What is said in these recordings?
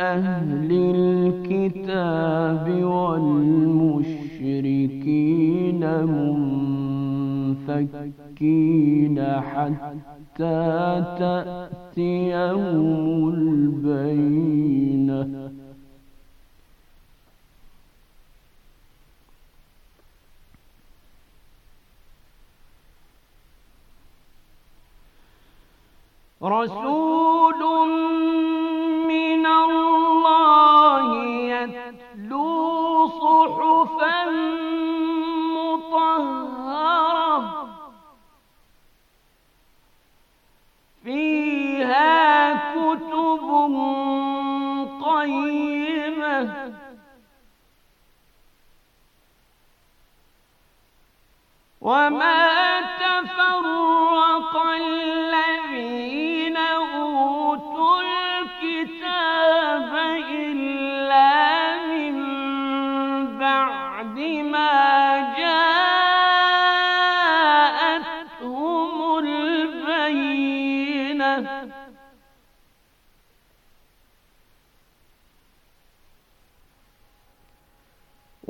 أهل الكتاب والمشركين منفكين حتى تأتيهم البينة رسول الله يتلو صحفا مطهرة فيها كتب قيمة وما تفرق الذين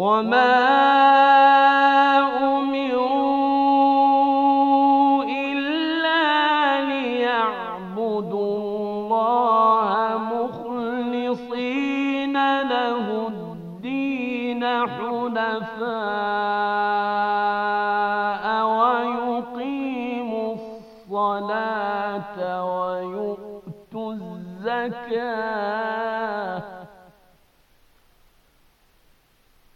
وما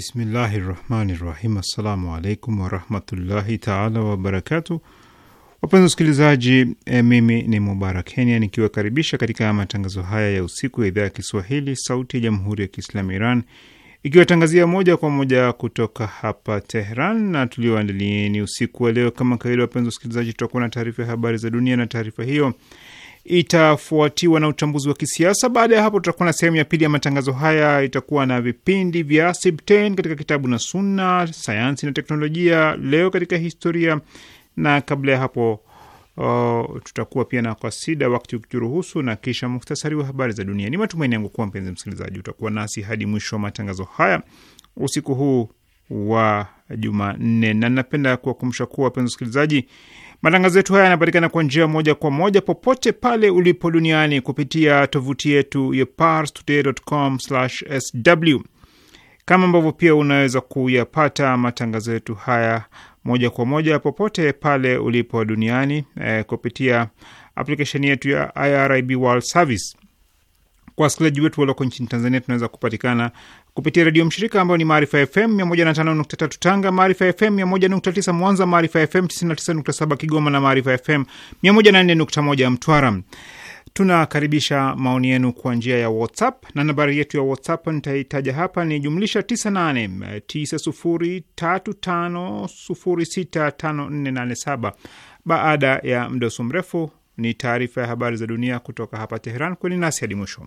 Bismillahi rahmani rahim. Assalamu alaikum warahmatullahi taala wabarakatu. Wapenzi wasikilizaji, e, mimi ni Mubarak Kenya nikiwakaribisha katika matangazo haya ya usiku ya idhaa ya Kiswahili sauti ya jamhuri ya Kiislamu Iran ikiwatangazia moja kwa moja kutoka hapa Tehran na tulioandalieni usiku wa leo. Kama kawaida, wapenzi wasikilizaji, tutakuwa na taarifa ya habari za dunia na taarifa hiyo itafuatiwa na uchambuzi wa kisiasa. Baada ya hapo, tutakuwa na sehemu ya pili ya matangazo haya, itakuwa na vipindi vya Sibtain katika kitabu na Sunna, sayansi na teknolojia, leo katika historia, na kabla ya hapo uh, tutakuwa pia na kasida wakati ukiruhusu, na kisha muhtasari wa habari za dunia. Ni matumaini yangu kuwa mpenzi msikilizaji utakuwa nasi hadi mwisho wa matangazo haya usiku huu wa Jumanne, na napenda kuwakumbusha kuwa wapenzi msikilizaji Matangazo yetu haya yanapatikana kwa njia moja kwa moja popote pale ulipo duniani kupitia tovuti yetu ya parstoday.com/sw, kama ambavyo pia unaweza kuyapata matangazo yetu haya moja kwa moja popote pale ulipo duniani eh, kupitia aplikesheni yetu ya IRIB World Service. Kwa wasikilizaji wetu walioko nchini Tanzania, tunaweza kupatikana kupitia redio mshirika ambayo ni Maarifa FM 105.3 Tanga, Maarifa FM 101.9 Mwanza, Maarifa FM 99.7 Kigoma na Maarifa FM 104.1 Mtwara. Tunakaribisha maoni yenu kwa njia ya WhatsApp na nambari yetu ya WhatsApp nitaitaja hapa ni jumlisha 989035065487. Baada ya mdoso mrefu ni taarifa ya habari za dunia kutoka hapa Teheran. Kweni nasi hadi mwisho.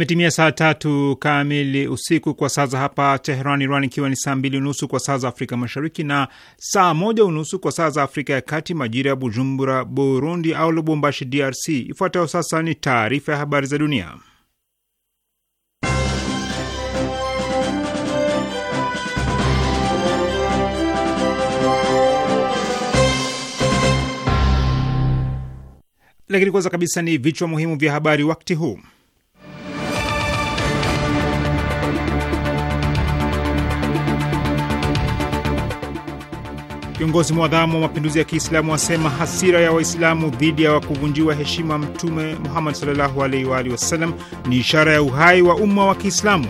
Imetimia saa tatu kamili usiku kwa saa za hapa Teheran, Iran, ikiwa ni saa mbili unusu kwa saa za Afrika Mashariki na saa moja unusu kwa saa za Afrika ya Kati, majira ya Bujumbura, Burundi, au Lubumbashi, DRC. Ifuatayo sasa ni taarifa ya habari za dunia, lakini kwanza kabisa ni vichwa muhimu vya habari wakati huu. Kiongozi mwadhamu wa mapinduzi ya Kiislamu asema hasira ya Waislamu dhidi ya wakuvunjiwa heshima Mtume Muhammad sallallahu alaihi wa alihi wasallam ni ishara ya uhai wa umma wa Kiislamu.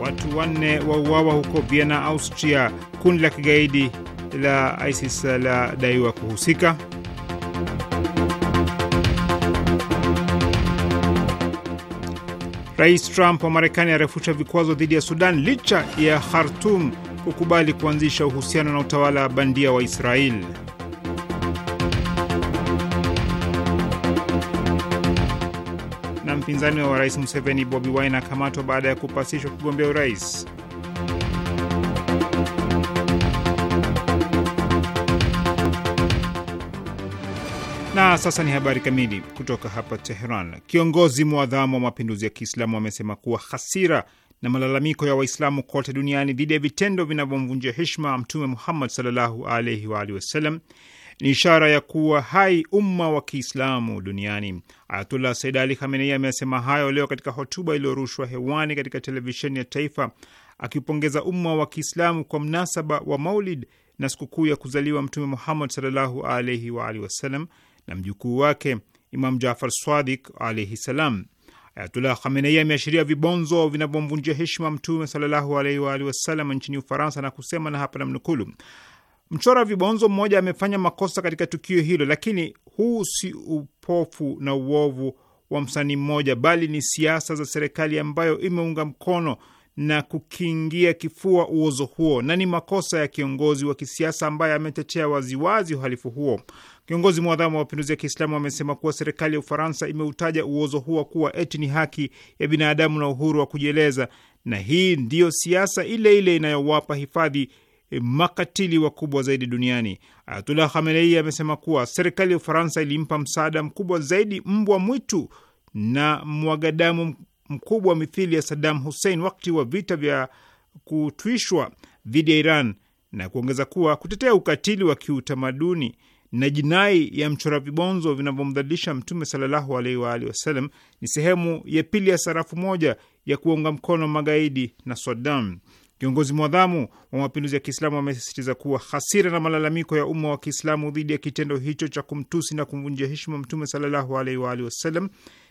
Watu wanne wauawa huko Vienna, Austria. Kundi la kigaidi la ISIS la daiwa kuhusika Rais Trump wa Marekani arefusha vikwazo dhidi ya Sudan licha ya Khartum kukubali kuanzisha uhusiano na utawala wa bandia wa Israel. Na mpinzani wa rais Museveni Bobi Wine akamatwa baada ya kupasishwa kugombea urais. sasa ni habari kamili kutoka hapa Teheran. Kiongozi mwadhamu wa mapinduzi ya Kiislamu amesema kuwa hasira na malalamiko ya Waislamu kote duniani dhidi ya vitendo vinavyomvunjia heshima Mtume Muhammad sallallahu alaihi wa alihi wasallam ni ishara ya kuwa hai umma wa Kiislamu duniani. Ayatullah Said Ali Khamenei amesema hayo leo katika hotuba iliyorushwa hewani katika televisheni ya taifa, akipongeza umma wa Kiislamu kwa mnasaba wa Maulid na sikukuu ya kuzaliwa Mtume Muhammad sallallahu alaihi wa alihi wasallam na mjukuu wake Imam Jafar Swadik alaihi salam. Ayatullah Khamenei ameashiria vibonzo vinavyomvunjia heshima Mtume sallallahu alaihi wa alihi wasallam nchini Ufaransa na kusema, na hapa namnukulu: mchora vibonzo mmoja amefanya makosa katika tukio hilo, lakini huu si upofu na uovu wa msanii mmoja, bali ni siasa za serikali ambayo imeunga mkono na kukiingia kifua uozo huo, na ni makosa ya kiongozi wa kisiasa ambaye ametetea waziwazi uhalifu huo. Kiongozi mwadhamu wa mapinduzi ya Kiislamu amesema kuwa serikali ya Ufaransa imeutaja uozo huo kuwa eti ni haki ya binadamu na uhuru wa kujieleza, na hii ndiyo siasa ile ile inayowapa hifadhi eh, makatili wakubwa zaidi duniani. Ayatullah Khamenei amesema kuwa serikali ya Ufaransa ilimpa msaada mkubwa zaidi mbwa mwitu na mwagadamu mkubwa mithili ya Saddam Hussein wakati wa vita vya kutwishwa dhidi ya Iran na kuongeza kuwa kutetea ukatili wa kiutamaduni na jinai ya mchora vibonzo vinavyomdhalilisha Mtume sallallahu alaihi wa alihi wasallam ni sehemu ya pili ya sarafu moja ya kuunga mkono magaidi na Saddam. Kiongozi mwadhamu wa mapinduzi ya Kiislamu amesisitiza kuwa hasira na malalamiko ya umma wa Kiislamu dhidi ya kitendo hicho cha kumtusi na kumvunjia heshima Mtume sallallahu alaihi wa alihi wasallam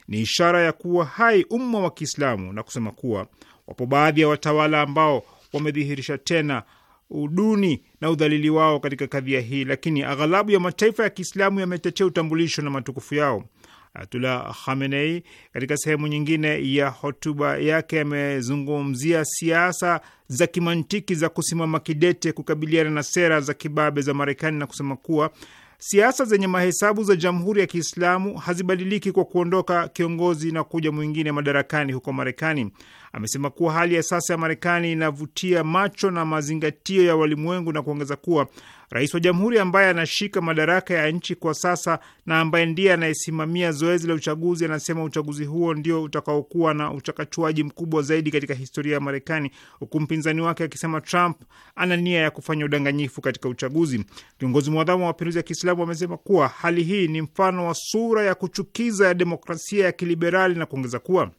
ni ishara ya kuwa hai umma wa Kiislamu na kusema kuwa wapo baadhi ya watawala ambao wamedhihirisha tena uduni na udhalili wao katika kadhia hii, lakini aghalabu ya mataifa ya Kiislamu yametetea utambulisho na matukufu yao. Ayatullah Khamenei katika sehemu nyingine ya hotuba yake amezungumzia siasa za kimantiki za kusimama kidete kukabiliana na sera za kibabe za Marekani na kusema kuwa Siasa zenye mahesabu za Jamhuri ya Kiislamu hazibadiliki kwa kuondoka kiongozi na kuja mwingine madarakani huko Marekani amesema kuwa hali ya sasa ya Marekani inavutia macho na mazingatio ya walimwengu na kuongeza kuwa rais wa jamhuri ambaye anashika madaraka ya nchi kwa sasa na ambaye ndiye anayesimamia zoezi la uchaguzi anasema uchaguzi huo ndio utakaokuwa na uchakachuaji mkubwa zaidi katika historia ya Marekani, huku mpinzani wake akisema Trump ana nia ya kufanya udanganyifu katika uchaguzi. Kiongozi mwadhamu wa mapinduzi ya Kiislamu amesema kuwa hali hii ni mfano wa sura ya kuchukiza ya demokrasia ya kiliberali na kuongeza kuwa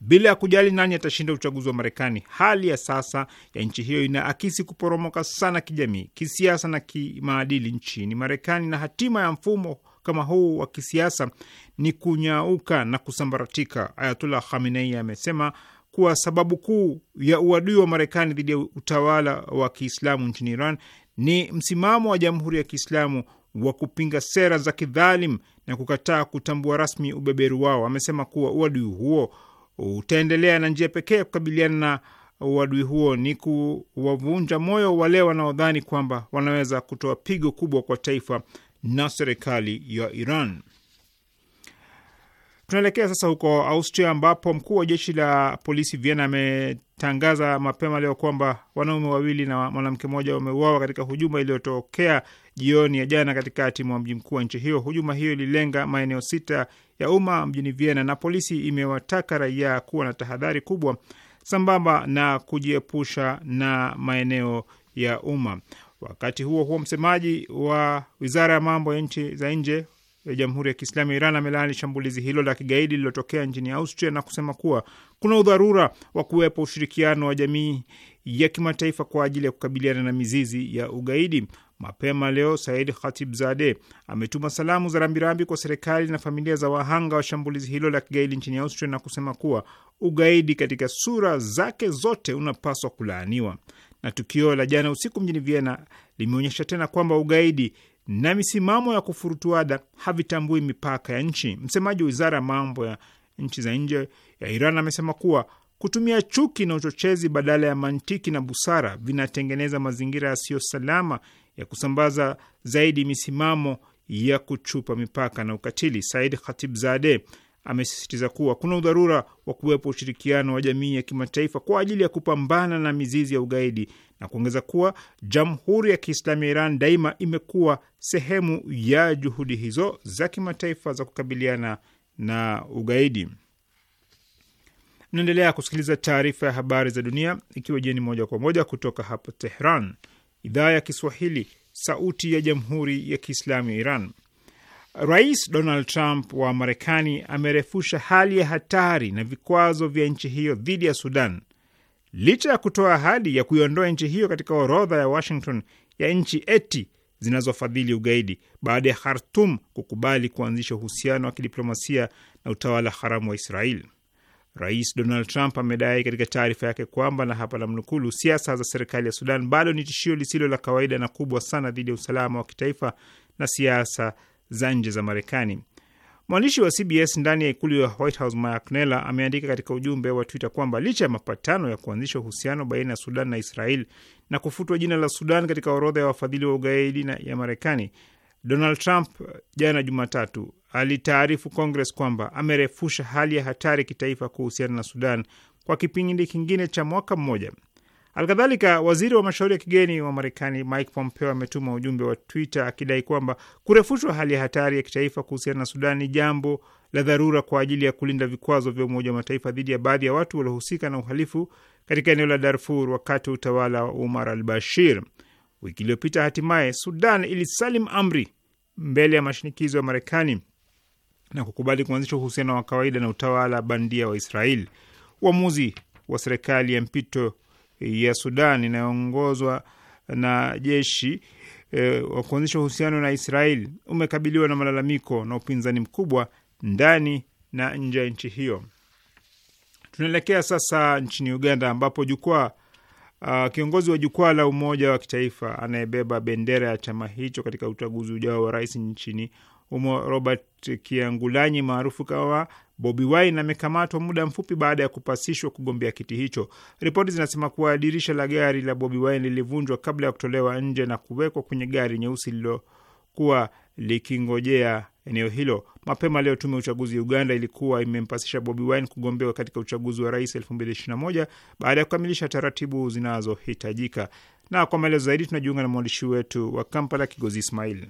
bila ya kujali nani atashinda uchaguzi wa Marekani. Hali ya sasa ya nchi hiyo inaakisi kuporomoka sana kijamii, kisiasa na kimaadili nchini Marekani, na hatima ya mfumo kama huu wa kisiasa ni kunyauka na kusambaratika. Ayatullah Khamenei amesema kuwa sababu kuu ya uadui wa Marekani dhidi ya utawala wa Kiislamu nchini Iran ni msimamo wa Jamhuri ya Kiislamu wa kupinga sera za kidhalim na kukataa kutambua rasmi ubeberu wao. Amesema kuwa uadui huo utaendelea na njia pekee ya kukabiliana na uadui huo ni kuwavunja moyo wale wanaodhani kwamba wanaweza kutoa pigo kubwa kwa taifa na serikali ya Iran. Tunaelekea sasa huko Austria ambapo mkuu wa jeshi la polisi Vienna ametangaza mapema leo kwamba wanaume wawili na mwanamke mmoja wameuawa katika hujuma iliyotokea jioni ya jana katikati mwa mji mkuu wa nchi hiyo. Hujuma hiyo ililenga maeneo sita ya umma mjini Vienna, na polisi imewataka raia kuwa na tahadhari kubwa sambamba na kujiepusha na maeneo ya umma. Wakati huo huo, msemaji wa wizara ya mambo ya nchi za nje ya Jamhuri ya Kiislamu ya Iran amelaani shambulizi hilo la kigaidi lililotokea nchini Austria na kusema kuwa kuna udharura wa kuwepo ushirikiano wa jamii ya kimataifa kwa ajili ya kukabiliana na mizizi ya ugaidi. Mapema leo Said Khatibzade ametuma salamu za rambirambi kwa serikali na familia za wahanga wa shambulizi hilo la kigaidi nchini Austria na kusema kuwa ugaidi katika sura zake zote unapaswa kulaaniwa. Na tukio la jana usiku mjini Vienna limeonyesha tena kwamba ugaidi na misimamo ya kufurutuada havitambui mipaka ya nchi. Msemaji wa wizara ya mambo ya nchi za nje ya Iran amesema kuwa kutumia chuki na uchochezi badala ya mantiki na busara vinatengeneza mazingira yasiyo salama ya kusambaza zaidi misimamo ya kuchupa mipaka na ukatili. Said zade amesisitiza kuwa kuna udharura wa kuwepo ushirikiano wa jamii ya kimataifa kwa ajili ya kupambana na mizizi ya ugaidi na kuongeza kuwa Jamhuri ya Kiislamu ya Iran daima imekuwa sehemu ya juhudi hizo za kimataifa za kukabiliana na ugaidi. Mnaendelea kusikiliza taarifa ya habari za dunia ikiwa jeni moja kwa moja kutoka hapa Tehran idhaa ya Kiswahili, sauti ya jamhuri ya kiislamu ya Iran. Rais Donald Trump wa Marekani amerefusha hali ya hatari na vikwazo vya nchi hiyo dhidi ya Sudan licha ya kutoa ahadi ya kuiondoa nchi hiyo katika orodha ya Washington ya nchi eti zinazofadhili ugaidi baada ya Khartum kukubali kuanzisha uhusiano wa kidiplomasia na utawala haramu wa Israeli. Rais Donald Trump amedai katika taarifa yake kwamba, na hapa mnukulu, siasa za serikali ya Sudan bado ni tishio lisilo la kawaida na kubwa sana dhidi ya usalama wa kitaifa na siasa za nje za Marekani. Mwandishi wa CBS ndani ya ikulu ya White House Mark ameandika katika ujumbe wa Twitter kwamba licha ya mapatano ya kuanzisha uhusiano baina ya Sudan na Israel na kufutwa jina la Sudan katika orodha ya wafadhili wa ugaidi ya Marekani, Donald Trump jana Jumatatu alitaarifu Congress kwamba amerefusha hali ya hatari kitaifa kuhusiana na Sudan kwa kipindi kingine cha mwaka mmoja. Alkadhalika, waziri wa mashauri ya kigeni wa Marekani Mike Pompeo ametuma ujumbe wa Twitter akidai kwamba kurefushwa hali ya hatari ya kitaifa kuhusiana na Sudan ni jambo la dharura kwa ajili ya kulinda vikwazo vya Umoja wa Mataifa dhidi ya baadhi ya watu waliohusika na uhalifu katika eneo la Darfur wakati wa utawala wa Umar al Bashir. Wiki iliyopita hatimaye Sudan ilisalim amri mbele ya mashinikizo ya Marekani na kukubali kuanzisha uhusiano wa kawaida na utawala bandia wa Israel. Uamuzi wa serikali ya mpito ya Sudan inayoongozwa na jeshi e, wa kuanzisha uhusiano na Israel umekabiliwa na malalamiko na upinzani mkubwa ndani na nje ya nchi hiyo. Tunaelekea sasa nchini Uganda ambapo jukwaa uh, kiongozi wa jukwaa la umoja wa kitaifa anayebeba bendera ya chama hicho katika uchaguzi ujao wa rais nchini humo Robert Kiangulanyi maarufu kama Bobi Wine amekamatwa muda mfupi baada ya kupasishwa kugombea kiti hicho. Ripoti zinasema kuwa dirisha la gari la Bobi Wine lilivunjwa kabla ya kutolewa nje na kuwekwa kwenye gari nyeusi lililokuwa likingojea eneo hilo. Mapema leo tume ya uchaguzi ya Uganda ilikuwa imempasisha Bobi Wine kugombewa katika uchaguzi wa rais 2021 baada ya kukamilisha taratibu zinazohitajika. Na kwa maelezo zaidi tunajiunga na mwandishi wetu wa Kampala, Kigozi Ismail.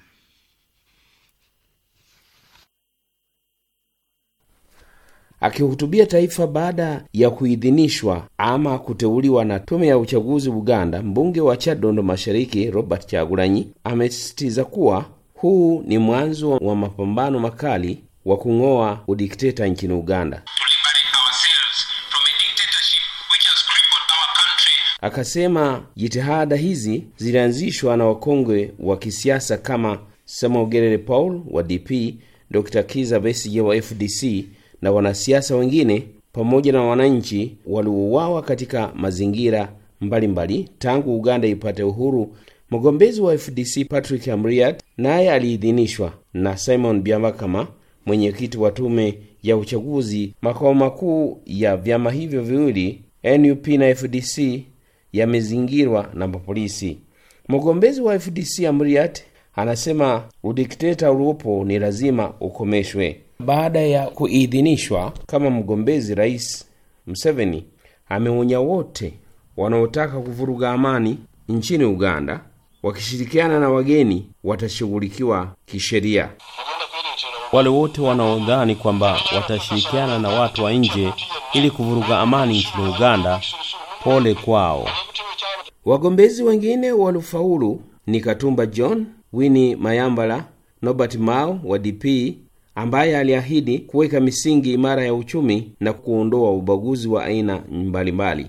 Akihutubia taifa baada ya kuidhinishwa ama kuteuliwa na tume ya uchaguzi Uganda, mbunge wa Chadondo Mashariki Robert chagulanyi amesisitiza kuwa huu ni mwanzo wa mapambano makali wa kung'oa udikteta nchini Uganda. Akasema jitihada hizi zilianzishwa na wakongwe wa kisiasa kama Samuel Gerere Paul wa DP, Dr. Kiza Besigye wa FDC na wanasiasa wengine pamoja na wananchi waliouawa katika mazingira mbalimbali mbali. Tangu Uganda ipate uhuru, mgombezi wa FDC Patrick Amriat naye aliidhinishwa na Simon biamakama mwenyekiti wa tume ya uchaguzi. Makao makuu ya vyama hivyo viwili NUP na FDC yamezingirwa na mapolisi. Mgombezi wa FDC Amriat anasema udikteta uliopo ni lazima ukomeshwe. Baada ya kuidhinishwa kama mgombezi, Rais mseveni ameonya wote wanaotaka kuvuruga amani nchini Uganda, wakishirikiana na wageni watashughulikiwa kisheria. Wale wote wanaodhani kwamba watashirikiana na watu wa nje ili kuvuruga amani nchini Uganda, pole kwao. Wagombezi wengine waliofaulu ni Katumba John, wini Mayambala, nobert Mao wa DP ambaye aliahidi kuweka misingi imara ya uchumi na kuondoa ubaguzi wa aina mbalimbali.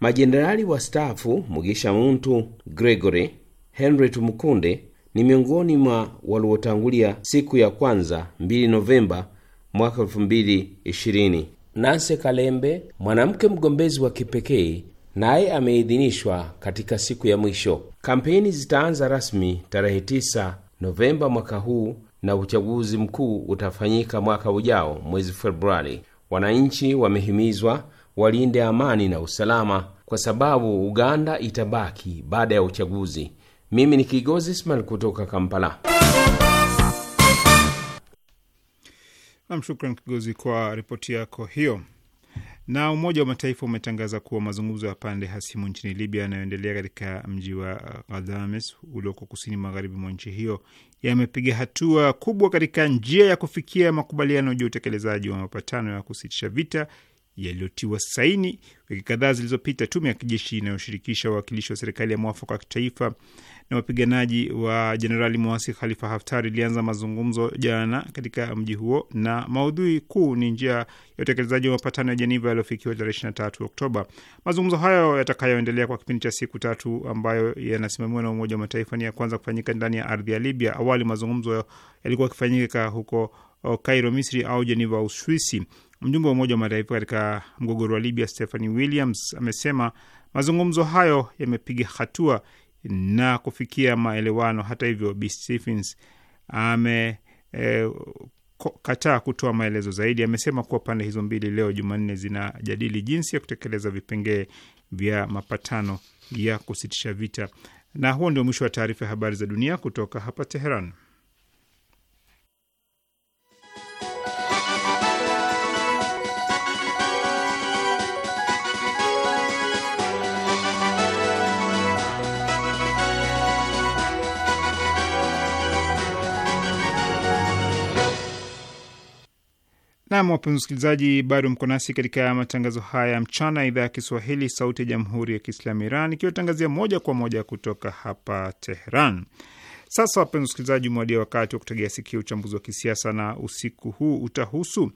Majenerali wastaafu Mugisha Muntu Gregory, Henry Tumukunde ni miongoni mwa waliotangulia siku ya kwanza 2 Novemba mwaka 2020. Nanse Kalembe, mwanamke mgombezi wa kipekee, naye ameidhinishwa katika siku ya mwisho. Kampeni zitaanza rasmi tarehe 9 Novemba mwaka huu na uchaguzi mkuu utafanyika mwaka ujao mwezi Februari. Wananchi wamehimizwa walinde amani na usalama, kwa sababu Uganda itabaki baada ya uchaguzi. Mimi ni Kigozi Ismail kutoka Kampala. Nam, shukran Kigozi kwa ripoti yako hiyo. Na Umoja wa Mataifa umetangaza kuwa mazungumzo ya pande hasimu nchini Libya yanayoendelea katika mji wa uh, Ghadames ulioko kusini magharibi mwa nchi hiyo yamepiga hatua kubwa katika njia ya kufikia makubaliano juu ya utekelezaji wa mapatano ya kusitisha vita yaliyotiwa saini wiki kadhaa zilizopita. Tume ya kijeshi inayoshirikisha wawakilishi wa serikali ya mwafaka wa kitaifa na wapiganaji wa jenerali mwasi Khalifa Haftar ilianza mazungumzo jana katika mji huo, na maudhui kuu ni njia ya utekelezaji wa mapatano ya Jeniva yaliyofikiwa tarehe 23 Oktoba. Mazungumzo hayo yatakayoendelea kwa kipindi cha siku tatu, ambayo yanasimamiwa na Umoja wa Mataifa, ni ya kwanza kufanyika ndani ya ardhi ya Libya. Awali mazungumzo yalikuwa yakifanyika huko Kairo, uh, Misri au Jeniva, Uswisi. Mjumbe wa Umoja wa Mataifa katika mgogoro wa Libya Stephanie Williams amesema mazungumzo hayo yamepiga hatua na kufikia maelewano. Hata hivyo, Bi Stephens amekataa eh, e, kutoa maelezo zaidi. Amesema kuwa pande hizo mbili leo Jumanne zinajadili jinsi ya kutekeleza vipengee vya mapatano ya kusitisha vita. Na huo ndio mwisho wa taarifa ya habari za dunia kutoka hapa Teheran. Nam, wapenzi wasikilizaji, bado mko nasi katika matangazo haya ya mchana idhaa ya Kiswahili sauti ya jamhuri ya kiislamu Iran ikiwatangazia moja kwa moja kutoka hapa Teheran. Sasa wapenzi wasikilizaji, umewadia wakati wa kutegea sikio uchambuzi wa kisiasa, na usiku huu utahusu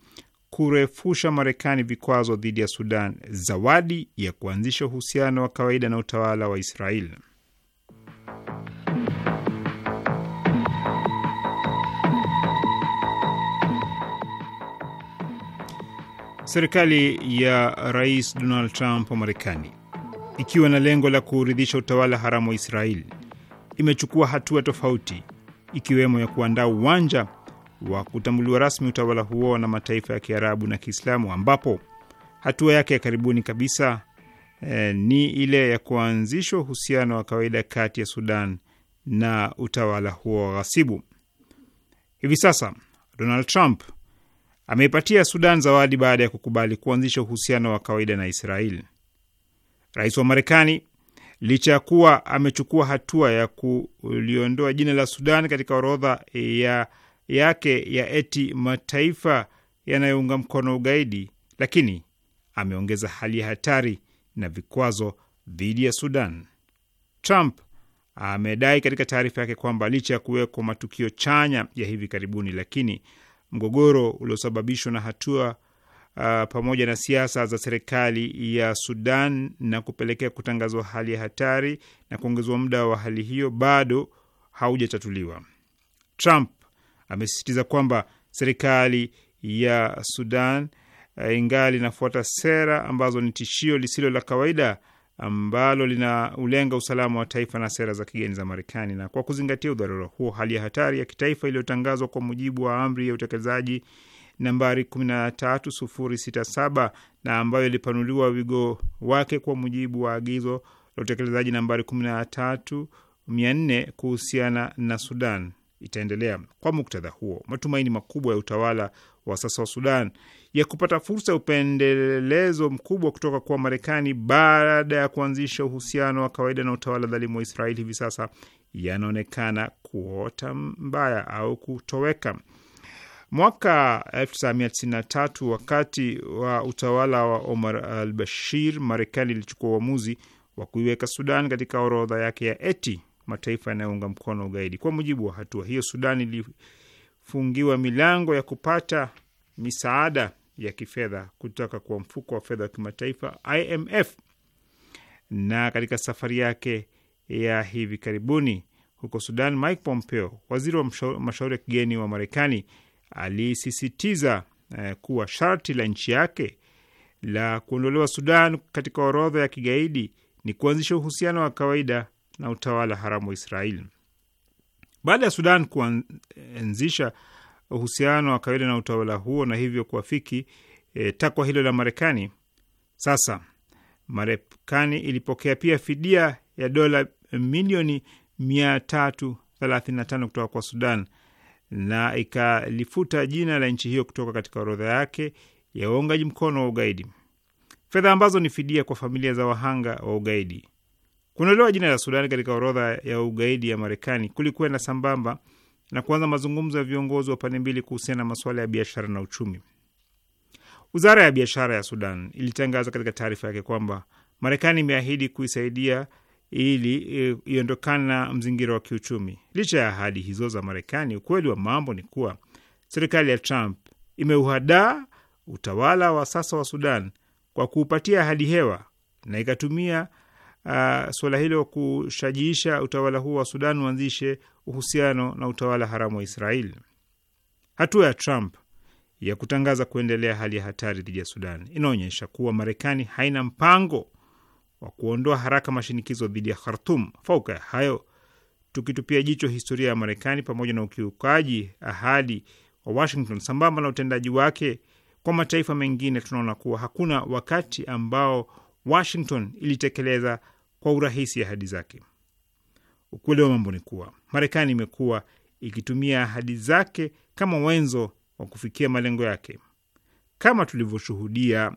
kurefusha Marekani vikwazo dhidi ya Sudan, zawadi ya kuanzisha uhusiano wa kawaida na utawala wa Israeli. Serikali ya Rais Donald Trump wa Marekani, ikiwa na lengo la kuridhisha utawala haramu wa Israeli, imechukua hatua tofauti, ikiwemo ya kuandaa uwanja wa kutambuliwa rasmi utawala huo na mataifa ya Kiarabu na Kiislamu, ambapo hatua yake ya karibuni kabisa eh, ni ile ya kuanzishwa uhusiano wa kawaida kati ya Sudan na utawala huo wa ghasibu. Hivi sasa Donald Trump ameipatia Sudan zawadi baada ya kukubali kuanzisha uhusiano wa kawaida na israel Rais wa Marekani, licha ya kuwa amechukua hatua ya kuliondoa jina la Sudan katika orodha ya yake ya eti mataifa yanayounga mkono ugaidi, lakini ameongeza hali ya hatari na vikwazo dhidi ya Sudan. Trump amedai katika taarifa yake kwamba licha ya kuwekwa matukio chanya ya hivi karibuni, lakini mgogoro uliosababishwa na hatua uh, pamoja na siasa za serikali ya Sudan na kupelekea kutangazwa hali ya hatari na kuongezwa muda wa hali hiyo bado haujatatuliwa. Trump amesisitiza kwamba serikali ya Sudan uh, ingali inafuata sera ambazo ni tishio lisilo la kawaida ambalo linaulenga usalama wa taifa na sera za kigeni za Marekani. Na kwa kuzingatia udharura huo, hali ya hatari ya kitaifa iliyotangazwa kwa mujibu wa amri ya utekelezaji nambari 13067 na ambayo ilipanuliwa wigo wake kwa mujibu wa agizo la utekelezaji nambari 13400 kuhusiana na Sudan itaendelea. Kwa muktadha huo, matumaini makubwa ya utawala wa sasa wa Sudan ya kupata fursa ya upendelezo mkubwa kutoka kwa Marekani baada ya kuanzisha uhusiano wa kawaida na utawala dhalimu wa Israeli hivi sasa yanaonekana kuota mbaya au kutoweka. Mwaka 1993 wakati wa utawala wa Omar al Bashir, Marekani ilichukua uamuzi wa kuiweka Sudan katika orodha yake ya eti mataifa yanayounga mkono ugaidi. Kwa mujibu wa hatua hiyo, Sudan ilifungiwa milango ya kupata misaada ya kifedha kutoka kwa mfuko wa fedha wa kimataifa IMF. Na katika safari yake ya hivi karibuni huko Sudan, Mike Pompeo, waziri wa mashauri ya kigeni wa Marekani, alisisitiza eh, kuwa sharti la nchi yake la kuondolewa Sudan katika orodha ya kigaidi ni kuanzisha uhusiano wa kawaida na utawala haramu wa Israeli. Baada ya Sudan kuanzisha uhusiano wa kawaida na utawala huo na hivyo kuafiki e, takwa hilo la Marekani. Sasa Marekani ilipokea pia fidia ya dola milioni 335 kutoka kwa Sudan na ikalifuta jina la nchi hiyo kutoka katika orodha yake ya waungaji mkono wa ugaidi, fedha ambazo ni fidia kwa familia za wahanga wa ugaidi. Kuondolewa jina la Sudani katika orodha ya ugaidi ya Marekani na sambamba na kuanza mazungumzo ya viongozi wa pande mbili kuhusiana na masuala ya biashara na uchumi. Wizara ya biashara ya Sudan ilitangaza katika taarifa yake kwamba Marekani imeahidi kuisaidia ili eh, iondokana na mzingiro wa kiuchumi. Licha ya ahadi hizo za Marekani, ukweli wa mambo ni kuwa serikali ya Trump imeuhadaa utawala wa sasa wa Sudan kwa kuupatia ahadi hewa na ikatumia uh, suala hilo kushajiisha utawala huo wa Sudan uanzishe uhusiano na utawala haramu wa israel Hatua ya Trump ya kutangaza kuendelea hali ya hatari dhidi ya Sudan inaonyesha kuwa Marekani haina mpango wa kuondoa haraka mashinikizo dhidi ya Khartum. Fauka ya hayo, tukitupia jicho historia ya Marekani pamoja na ukiukaji ahadi wa Washington sambamba na utendaji wake kwa mataifa mengine, tunaona kuwa hakuna wakati ambao Washington ilitekeleza kwa urahisi ahadi zake. Ukweli wa mambo ni kuwa Marekani imekuwa ikitumia ahadi zake kama wenzo wa kufikia malengo yake, kama tulivyoshuhudia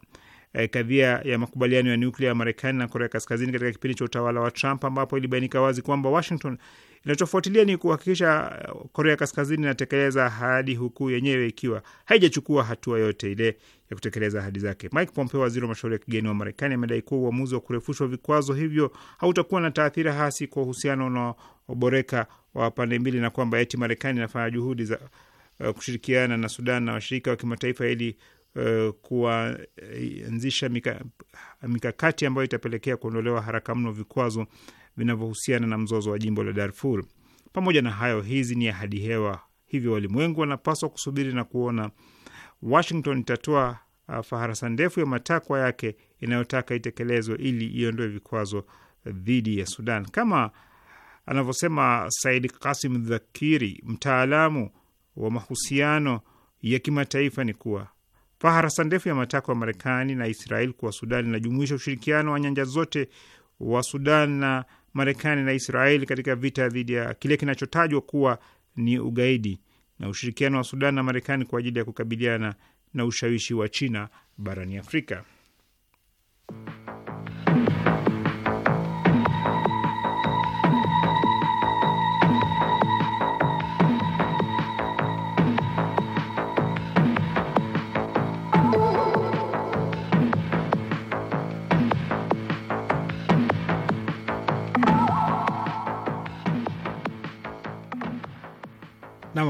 eh, kadhia ya makubaliano ya nuklia ya Marekani na Korea Kaskazini katika kipindi cha utawala wa Trump, ambapo ilibainika wazi kwamba Washington inachofuatilia ni kuhakikisha eh, Korea Kaskazini inatekeleza ahadi, huku yenyewe ikiwa haijachukua hatua yote ile ya kutekeleza ahadi zake. Mike Pompeo, waziri wa mashauri ya kigeni wa Marekani, amedai kuwa uamuzi wa kurefushwa vikwazo hivyo hautakuwa na taathira hasi kwa uhusiano unaoboreka wa pande mbili na kwamba eti Marekani inafanya juhudi za eh, kushirikiana na Sudan na washirika wa kimataifa ili Eh, kuanzisha mika, mikakati ambayo itapelekea kuondolewa haraka mno vikwazo vinavyohusiana na mzozo wa jimbo la Darfur. Pamoja na hayo, hizi ni ahadi hewa, hivyo walimwengu wanapaswa kusubiri na kuona Washington itatoa ah, faharasa ndefu ya matakwa yake inayotaka itekelezwe ili iondoe vikwazo dhidi ya Sudan, kama anavyosema Said Kasim Dhakiri, mtaalamu wa mahusiano ya kimataifa, ni kuwa Faharasa ndefu ya matakwa ya Marekani na Israel kuwa Sudan inajumuisha ushirikiano wa nyanja zote wa Sudan na Marekani na Israel katika vita dhidi ya kile kinachotajwa kuwa ni ugaidi na ushirikiano wa Sudan na Marekani kwa ajili ya kukabiliana na ushawishi wa China barani Afrika.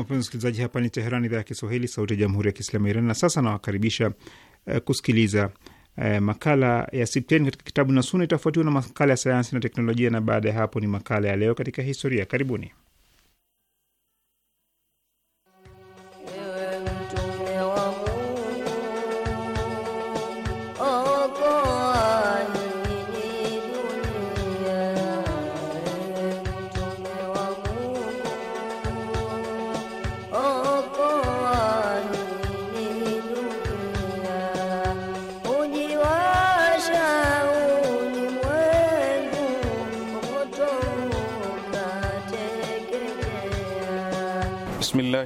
mpenzi msikilizaji, hapa ni Teherani, idhaa ya Kiswahili, sauti ya jamhuri ya kiislamu ya Iran. Na sasa nawakaribisha eh, kusikiliza eh, makala ya sipteni katika kitabu na Suna, itafuatiwa na makala ya sayansi na teknolojia, na baada ya hapo ni makala ya leo katika historia. Karibuni.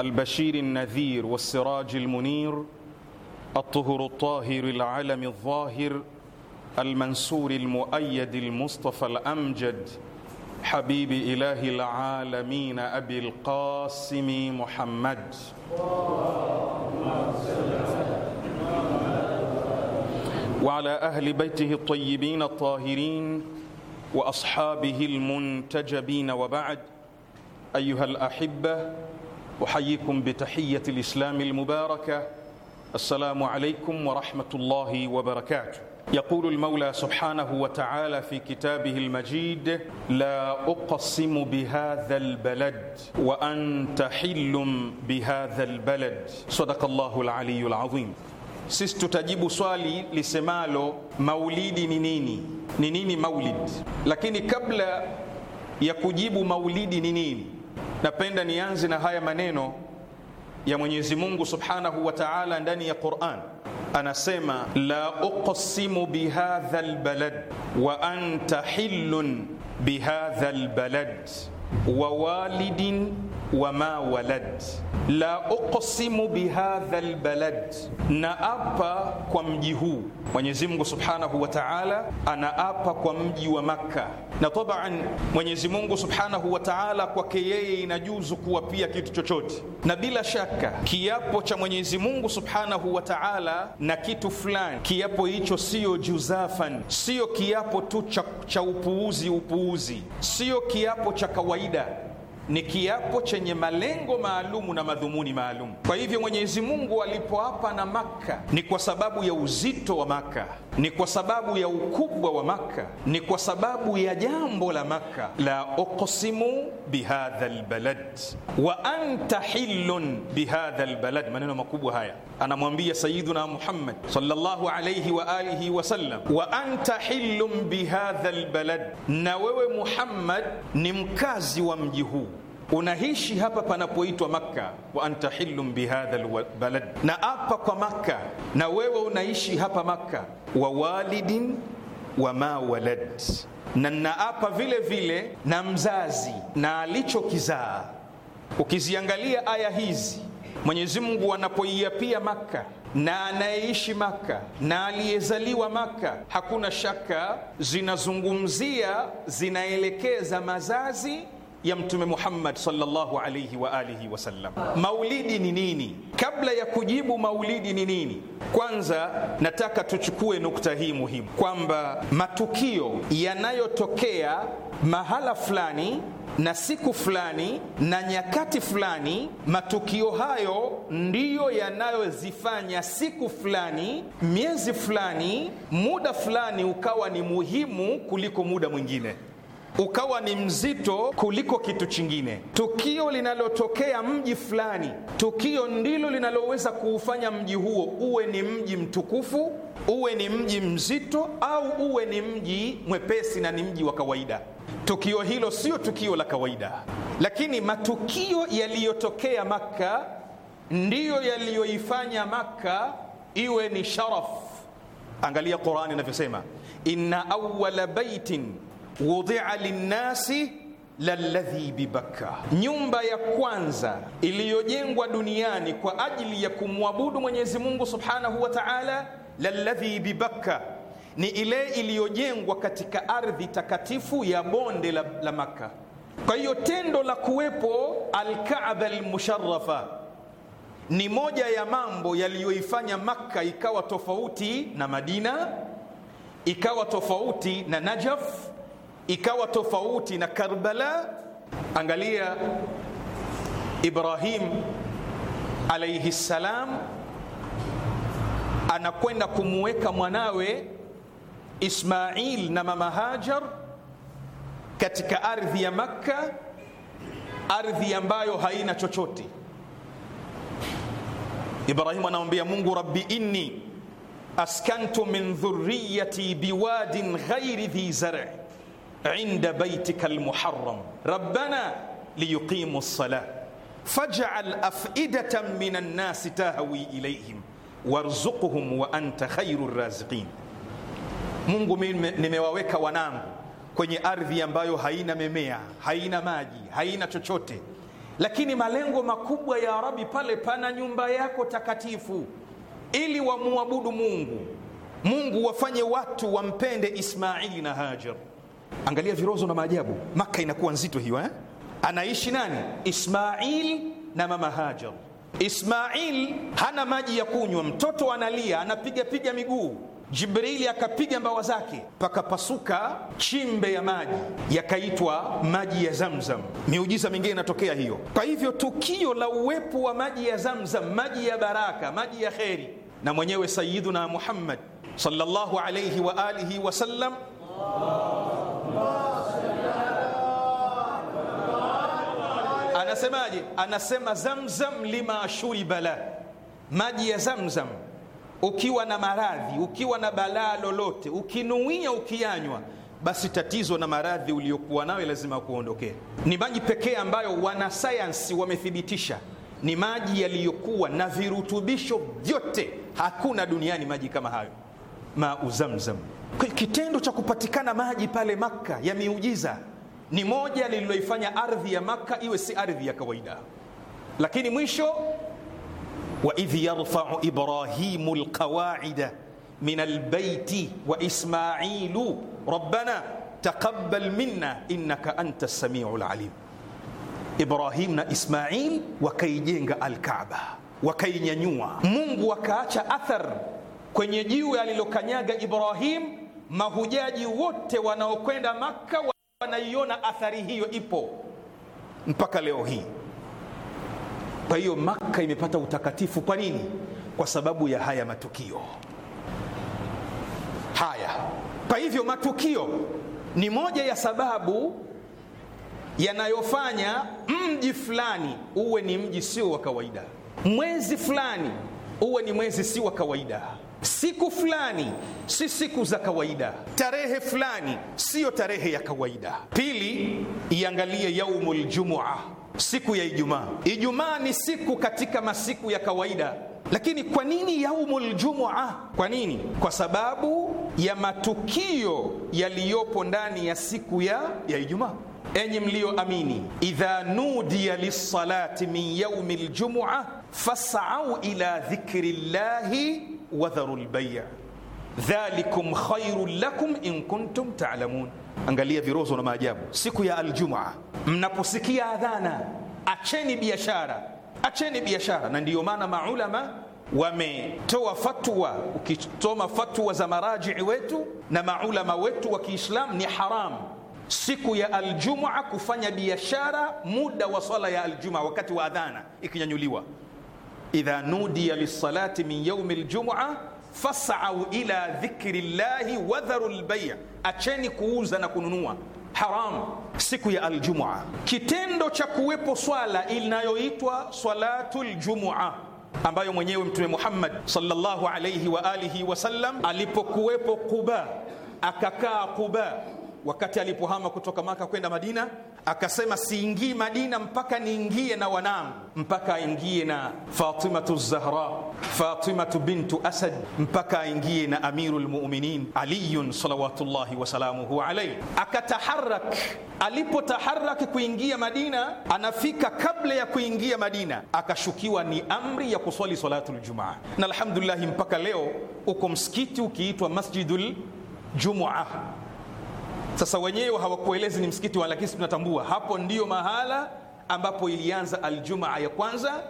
البشير النذير والسراج المنير الطهر الطاهر العلم الظاهر المنصور المؤيد المصطفى الأمجد حبيب إله العالمين أبي القاسم محمد وعلى أهل بيته الطيبين الطاهرين وأصحابه المنتجبين وبعد أيها الأحبة احييكم بتحيه الاسلام المباركه السلام عليكم ورحمه الله وبركاته يقول المولى سبحانه وتعالى في كتابه المجيد لا اقسم بهذا البلد وانت حل بهذا البلد صدق الله العلي العظيم sisi tutajibu swali lisemalo maulidi ni nini ni nini maulid lakini kabla ya kujibu maulidi ni nini napenda nianze na haya maneno ya Mwenyezi Mungu Subhanahu wa Ta'ala ndani ya Qur'an anasema la uqsimu bihadha albalad wa anta hillun bihadha albalad wa walidin ma walad la uqsimu bihadha albalad, na apa kwa mji huu. Mwenyezi Mungu subhanahu wa taala anaapa kwa mji wa Makka, na tabaan Mwenyezi Mungu subhanahu wa taala kwake yeye inajuzu pia kitu chochote, na bila shaka kiapo cha Mwenyezi Mungu subhanahu wa taala na kitu fulani, kiapo hicho siyo juzafan, siyo kiapo tu cha, cha upuuzi upuuzi, sio kiapo cha kawaida kawaida ni kiapo chenye malengo maalum na madhumuni maalum Kwa hivyo Mwenyezi Mungu alipoapa na Makka ni kwa sababu ya uzito wa Makka, ni kwa sababu ya ukubwa wa Makka, ni kwa sababu ya jambo la Makka. la uqsimu bihadha lbalad wa anta hillun bihadha lbalad, maneno makubwa haya anamwambia Sayiduna Muhammad sallallahu alayhi wa alihi sallam, wa anta hillum bihadha albalad, na wewe Muhammad ni mkazi wa mji huu unaishi hapa panapoitwa Makka. wa anta hillum bihadha albalad, na apa kwa Makka, na wewe unaishi hapa Makka. wa walidin wa ma walad, na naapa vile vile na mzazi na alichokizaa. Ukiziangalia aya hizi Mwenyezi Mungu anapoiapia Maka na anayeishi Maka na aliyezaliwa Maka, hakuna shaka zinazungumzia, zinaelekeza mazazi ya Mtume Muhammad sallallahu alayhi wa alihi wasallam. Maulidi ni nini? Kabla ya kujibu maulidi ni nini, kwanza nataka tuchukue nukta hii muhimu kwamba matukio yanayotokea mahala fulani na siku fulani na nyakati fulani, matukio hayo ndiyo yanayozifanya siku fulani, miezi fulani, muda fulani ukawa ni muhimu kuliko muda mwingine ukawa ni mzito kuliko kitu chingine. Tukio linalotokea mji fulani, tukio ndilo linaloweza kuufanya mji huo uwe ni mji mtukufu, uwe ni mji mzito, au uwe ni mji mwepesi na ni mji wa kawaida. Tukio hilo sio tukio la kawaida, lakini matukio yaliyotokea Makka ndiyo yaliyoifanya Makka iwe ni sharaf. Angalia Qurani inavyosema, inna awala baitin wudia linnasi lalladhi bibakka, nyumba ya kwanza iliyojengwa duniani kwa ajili ya kumwabudu Mwenyezi Mungu subhanahu wa taala, lalladhi bibakka ni ile iliyojengwa katika ardhi takatifu ya bonde la, la Makka. Kwa hiyo tendo la kuwepo Alkaaba Almusharafa ni moja ya mambo yaliyoifanya Makka ikawa tofauti na Madina, ikawa tofauti na Najaf ikawa tofauti na Karbala. Angalia Ibrahim alaihi salam anakwenda kumweka mwanawe Ismail na mama Hajar katika ardhi ya Makka, ardhi ambayo haina chochote. Ibrahimu anamwambia Mungu, rabbi inni askantu min dhurriyati biwadin ghairi dhi zar'i inda baitika almuharram rabbana liyuqimu lsalah fajal afidatan min annasi tahwi ilaihim warzuqhum wa anta khairu raziqin. Mungu, mimi nimewaweka wanangu kwenye ardhi ambayo haina mimea haina maji, haina chochote, lakini malengo makubwa ya rabi pale pana nyumba yako takatifu, ili wamuabudu Mungu, Mungu wafanye watu wampende Ismaili na Hajar. Angalia virozo na maajabu, Maka inakuwa nzito hiyo eh? Anaishi nani? Ismail na mama Hajar. Ismail hana maji ya kunywa, mtoto analia, anapigapiga miguu. Jibrili akapiga mbawa zake, pakapasuka chimbe ya maji, yakaitwa maji ya Zamzam. Miujiza mingine inatokea hiyo. Kwa hivyo tukio la uwepo wa maji ya Zamzam, maji ya baraka, maji ya kheri, na mwenyewe Sayiduna Muhammad sallallahu alayhi wa alihi wasallam Anasemaje? Anasema zamzam lima shuriba la maji ya zamzam, ukiwa na maradhi, ukiwa na balaa lolote, ukinuia ukianywa basi tatizo na maradhi uliokuwa nayo lazima kuondokea. Ni maji pekee ambayo wanasayansi wamethibitisha ni maji yaliyokuwa na virutubisho vyote, hakuna duniani maji kama hayo, mau zamzam. Kitendo cha kupatikana maji pale Makka ya miujiza ni moja lililoifanya ardhi ya Makka iwe si ardhi ya kawaida. Lakini mwisho, wa idh yarfau ibrahimu alqawaida min albaiti wa ismailu rabbana taqabbal minna innaka anta samiu lalim Ibrahim na Ismail wakaijenga Alkaaba, wakainyanyua. Mungu akaacha athar kwenye jiwe alilokanyaga Ibrahim mahujaji wote wanaokwenda Maka wanaiona athari hiyo ipo mpaka leo hii. Kwa hiyo Maka imepata utakatifu. Kwa nini? Kwa sababu ya haya matukio haya. Kwa hivyo matukio ni moja ya sababu yanayofanya mji fulani uwe ni mji sio wa kawaida, mwezi fulani uwe ni mwezi si wa kawaida siku fulani si siku za kawaida, tarehe fulani siyo tarehe ya kawaida. Pili, iangalie yaumul jumua, siku ya Ijumaa. Ijumaa ni siku katika masiku ya kawaida, lakini kwa nini yaumul jumua? Kwa nini? Kwa sababu ya matukio yaliyopo ndani ya siku ya, ya Ijumaa. Enyi mliyoamini, idha nudiya lissalati min yaumi ljumua fasau ila dhikri llahi wadharu lbaya dhalikum khairun lakum in kuntum talamun. Angalia virozo na maajabu. Siku ya Aljumaa mnaposikia adhana, acheni biashara, acheni biashara. Na ndiyo maana maulama wametoa fatwa. Ukisoma fatwa za marajii wetu na maulama wetu wa Kiislamu, ni haramu siku ya aljuma kufanya biashara muda wa swala ya aljuma wakati wa adhana ikinyanyuliwa idha nudiya lissalati min yaumi ljumua fasau ila dhikri llahi wadharu lbeia, acheni kuuza na kununua haram siku ya aljumua. Kitendo cha kuwepo swala inayoitwa salatu ljumua ambayo mwenyewe Mtume Muhammad sallallahu alayhi wa alihi wasallam alipokuwepo Quba, akakaa Quba wakati alipohama kutoka Maka kwenda Madina, akasema siingii Madina mpaka niingie na wanangu, mpaka aingie na Fatimatu Zahra, Fatimatu bintu Asad, mpaka aingie na amiru lmuminin Ali salawatullahi wasalamuhu alayhi. Akataharak, alipotaharak kuingia Madina, anafika kabla ya kuingia Madina akashukiwa ni amri ya kuswali salatu Jumaa, na alhamdulillah mpaka leo uko msikiti ukiitwa Masjidul Jumaa sasa wenyewe hawakuelezi ni msikiti wa, lakini tunatambua hapo ndiyo mahala ambapo ilianza aljumaa ya kwanza,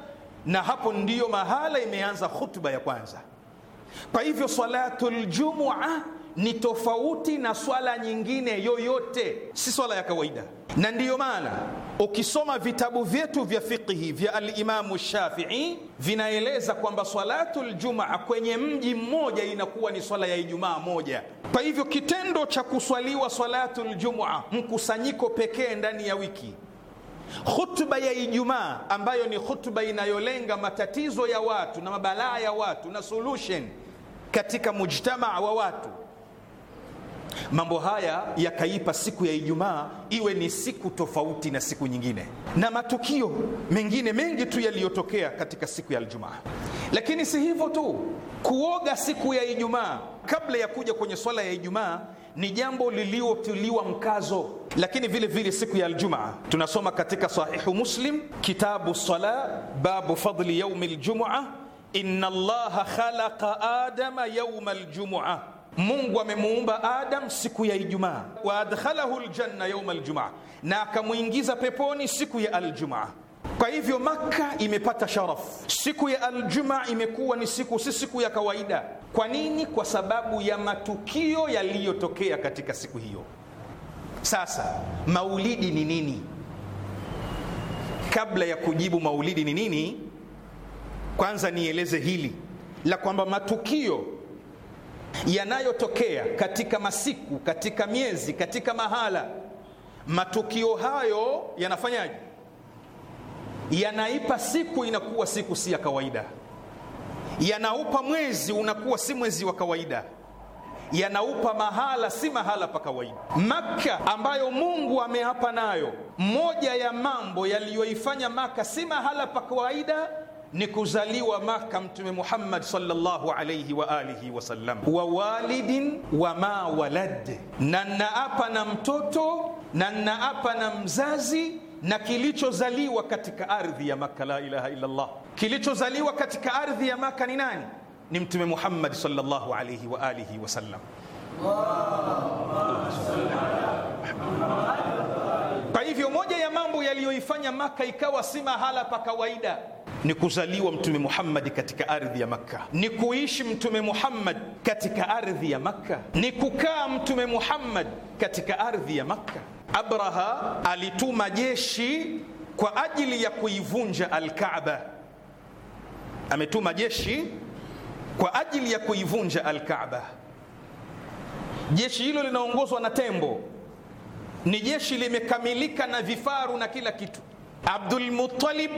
na hapo ndiyo mahala imeanza khutba ya kwanza. Kwa hivyo salatul jumua ni tofauti na swala nyingine yoyote, si swala ya kawaida. Na ndiyo maana ukisoma vitabu vyetu vya fiqhi vya Alimamu Shafii vinaeleza kwamba swalatu ljumaa kwenye mji mmoja inakuwa ni swala ya Ijumaa moja. Kwa hivyo kitendo cha kuswaliwa swalatu ljumaa mkusanyiko pekee ndani ya wiki khutba ya Ijumaa ambayo ni khutba inayolenga matatizo ya watu na mabalaa ya watu na solution katika mujtamaa wa watu Mambo haya yakaipa siku ya Ijumaa iwe ni siku tofauti na siku nyingine, na matukio mengine mengi tu yaliyotokea katika siku ya Ijumaa. Lakini si hivyo tu, kuoga siku ya Ijumaa kabla ya kuja kwenye swala ya Ijumaa ni jambo liliotuliwa mkazo. Lakini vile vile siku ya Aljumaa tunasoma katika Sahihu Muslim, kitabu sala, babu fadli yaumi ljumua, inna allaha khalaqa adama yauma ljumua Mungu amemuumba Adam siku ya Ijumaa, wa adkhalahu aljanna yauma aljumaa, na akamwingiza peponi siku ya aljumaa. Kwa hivyo Makka imepata sharafu, siku ya aljumaa imekuwa ni siku, si siku ya kawaida. Kwa nini? Kwa sababu ya matukio yaliyotokea katika siku hiyo. Sasa maulidi ni nini? Kabla ya kujibu maulidi ni nini, kwanza nieleze hili la kwamba matukio yanayotokea katika masiku, katika miezi, katika mahala. Matukio hayo yanafanyaje? Yanaipa siku inakuwa siku si ya kawaida, yanaupa mwezi unakuwa si mwezi wa kawaida, yanaupa mahala si mahala pa kawaida. Maka ambayo Mungu ameapa nayo, moja ya mambo yaliyoifanya Maka si mahala pa kawaida ni kuzaliwa Maka Mtume Muhammad sallallahu alayhi wa alihi wasallam, wa walidin wa ma walad, na nnaapa na mtoto na nnaapa na mzazi na kilichozaliwa katika ardhi ya Maka. La ilaha illa Allah, kilichozaliwa katika ardhi ya Maka ni nani? Ni Mtume Muhammad sallallahu alayhi wa alihi wasallam. Kwa hivyo moja ya mambo yaliyoifanya Maka ikawa si mahala pa kawaida ni kuzaliwa Mtume Muhammad katika ardhi ya Makka, ni kuishi Mtume Muhammad katika ardhi ya Makka, ni kukaa Mtume Muhammad katika ardhi ya Makka. Abraha alituma jeshi kwa ajili ya kuivunja Alkaaba, ametuma jeshi kwa ajili ya kuivunja Alkaaba. Jeshi hilo linaongozwa na tembo, ni jeshi limekamilika na vifaru na kila kitu. Abdul Muttalib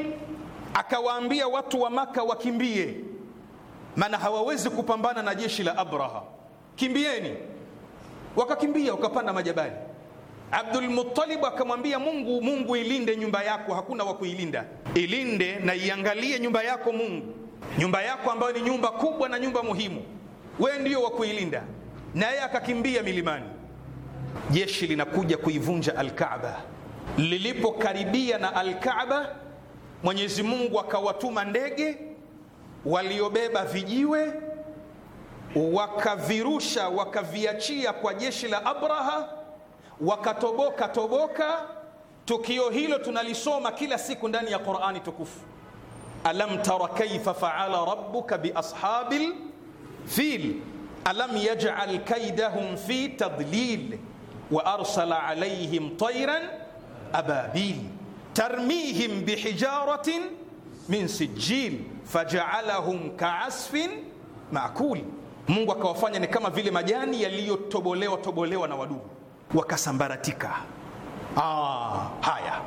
akawaambia watu wa Maka wakimbie, maana hawawezi kupambana na jeshi la Abraha, kimbieni. Wakakimbia wakapanda majabali. Abdul Muttalib akamwambia Mungu, Mungu ilinde nyumba yako, hakuna wa kuilinda. Ilinde na iangalie nyumba yako Mungu, nyumba yako ambayo ni nyumba kubwa na nyumba muhimu, wewe ndio wa kuilinda. na yeye akakimbia milimani. Jeshi linakuja kuivunja Alkaaba. Lilipokaribia na Alkaaba Mwenyezi Mungu akawatuma ndege waliobeba vijiwe wakavirusha wakaviachia kwa jeshi la Abraha wakatoboka toboka. Tukio hilo tunalisoma kila siku ndani ya Qur'ani tukufu. Alam tara kaifa faala rabbuka biashabil fil alam yaj'al kaidahum fi tadlil wa arsala alayhim tayran ababil tarmihim bihijaratin min sijil fajaalahum kaasfin maakul, Mungu akawafanya ni kama vile majani yaliyotobolewa tobolewa na wadudu wakasambaratika. Ah, haya.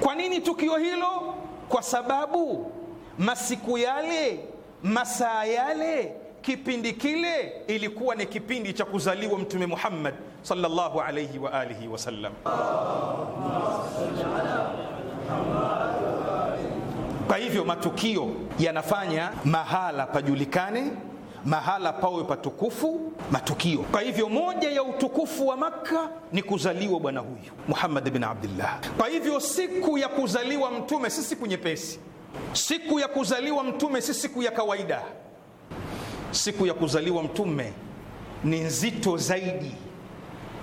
Kwa nini tukio hilo? Kwa sababu masiku yale, masaa yale, kipindi kile ilikuwa ni kipindi cha kuzaliwa Mtume Muhammad sallallahu alayhi wa alihi wa sallam. Kwa hivyo matukio yanafanya mahala pajulikane, mahala pawe patukufu matukio. Kwa hivyo moja ya utukufu wa Makka ni kuzaliwa bwana huyu Muhammad bin Abdullah. Kwa hivyo siku ya kuzaliwa mtume si siku nyepesi, siku ya kuzaliwa mtume si siku ya kawaida. Siku ya kuzaliwa mtume ni nzito zaidi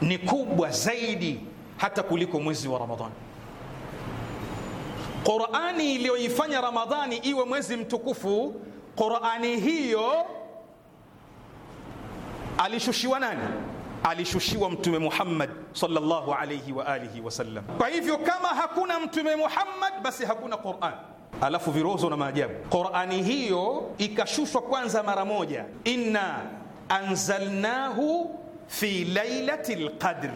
ni kubwa zaidi hata kuliko mwezi wa Ramadhani. Qurani iliyoifanya Ramadhani iwe mwezi mtukufu, Qurani hiyo alishushiwa nani? Alishushiwa Mtume Muhammad sallallahu alayhi wa alihi wasallam. Kwa hivyo kama hakuna Mtume Muhammad, basi hakuna Qurani. Alafu virozo na maajabu, Qurani hiyo ikashushwa kwanza mara moja, inna anzalnahu fi lailati lqadr,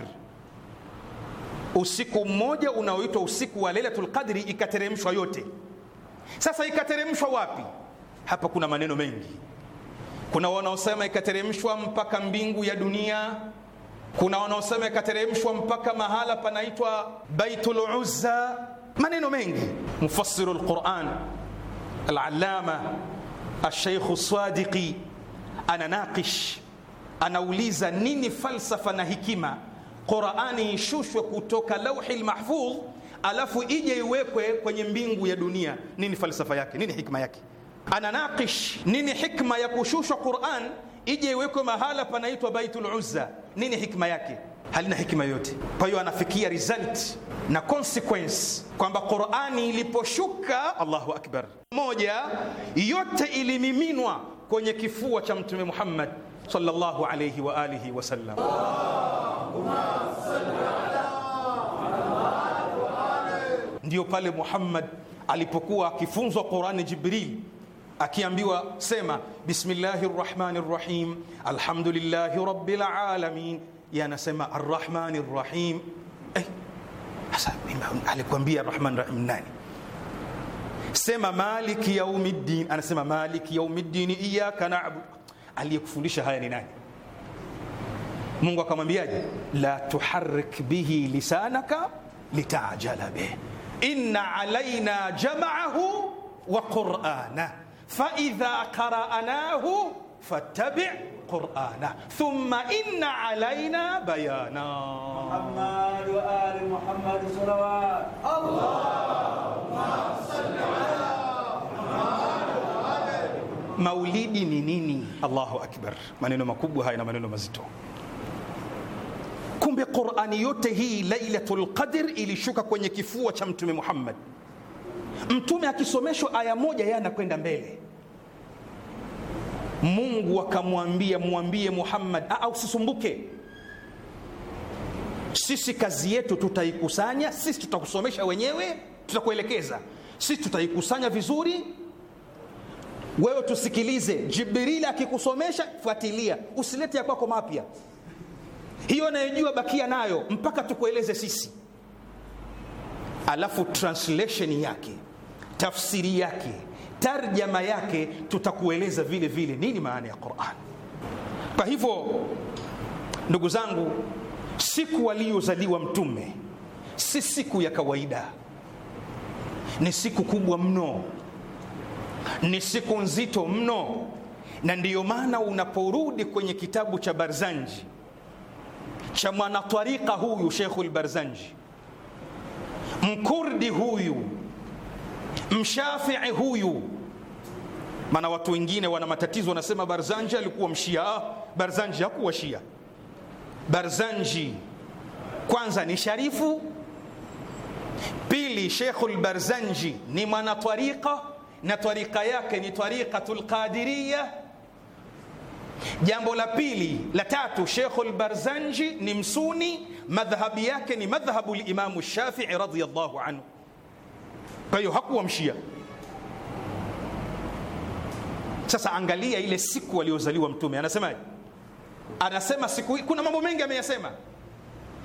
usiku mmoja unaoitwa usiku wa lailatul qadri, ikateremshwa yote. Sasa ikateremshwa wapi? Hapa kuna maneno mengi. Kuna wanaosema ikateremshwa mpaka mbingu ya dunia, kuna wanaosema ikateremshwa mpaka mahala panaitwa Baitul Uzza. Maneno mengi. Mufassiru lquran Alalama Alshaikhu Sadiqi ananaqish Anauliza, nini falsafa na hikima Qurani ishushwe kutoka lauhi lmahfudh alafu ije iwekwe kwenye mbingu ya dunia? Nini falsafa yake? Nini hikma yake? Ananakish, nini hikma ya kushushwa Quran ije iwekwe mahala panaitwa Baitul Uzza? Nini hikma yake? halina hikma yoyote. Kwa hiyo anafikia result na consequence kwamba Qurani iliposhuka, Allahu akbar, moja yote ilimiminwa kwenye kifua cha Mtume Muhammad صلى الله عليه وآله وسلم اللهم صل على Ndiyo pale Muhammad alipokuwa akifunzwa Qurani Jibril akiambiwa sema bismillahi rrahmani rrahim alhamdulillahi rabbil alamin, yanasema arrahmani rrahim. Sasa alikwambia arrahmani rrahim nani? Sema maliki yaumiddin, anasema maliki yaumiddini iyaka na'budu aliyekufundisha haya ni nani? Mungu akamwambiaje? la tuharrik bihi lisanaka litajala bih inna alaina jamaahu wa qur'ana faidha qara'nahu fattabi qur'ana thumma inna alaina bayana Muhammad wa ali Muhammad salawat Allah maulidi ni nini? Allahu akbar! Maneno makubwa haya na maneno mazito. Kumbe Qurani yote hii Lailatul Qadr ilishuka kwenye kifua cha Mtume Muhammad. Mtume akisomeshwa aya moja, yeye anakwenda mbele. Mungu akamwambia, mwambie Muhammad, a, usisumbuke sisi kazi yetu tutaikusanya, sisi tutakusomesha wenyewe, tutakuelekeza, sisi tutaikusanya vizuri wewe tusikilize, Jibrili akikusomesha fuatilia, usilete ya kwako mapya. Hiyo anayojua bakia nayo mpaka tukueleze sisi, alafu translation yake, tafsiri yake, tarjama yake, tutakueleza vile vile nini maana ya Qur'an. Kwa hivyo, ndugu zangu, siku aliyozaliwa Mtume si siku ya kawaida, ni siku kubwa mno ni siku nzito mno, na ndiyo maana unaporudi kwenye kitabu cha Barzanji cha mwanatwarika huyu Sheikhul Barzanji, mkurdi huyu, mshafii huyu maana watu wengine wana matatizo, wanasema Barzanji alikuwa mshia. Ah, Barzanji hakuwa shia. Barzanji kwanza ni sharifu, pili Sheikhul Barzanji ni mwanatwarika na twarika yake ni tariqatul qadiriya jambo la pili la tatu Sheikhul Barzanji ni msuni madhhabi yake ni madhhabu limamu Shafii radhiyallahu anhu kwa hiyo hakuwa mshia sasa angalia ile siku aliyozaliwa mtume anasema anasema siku kuna mambo mengi ameyasema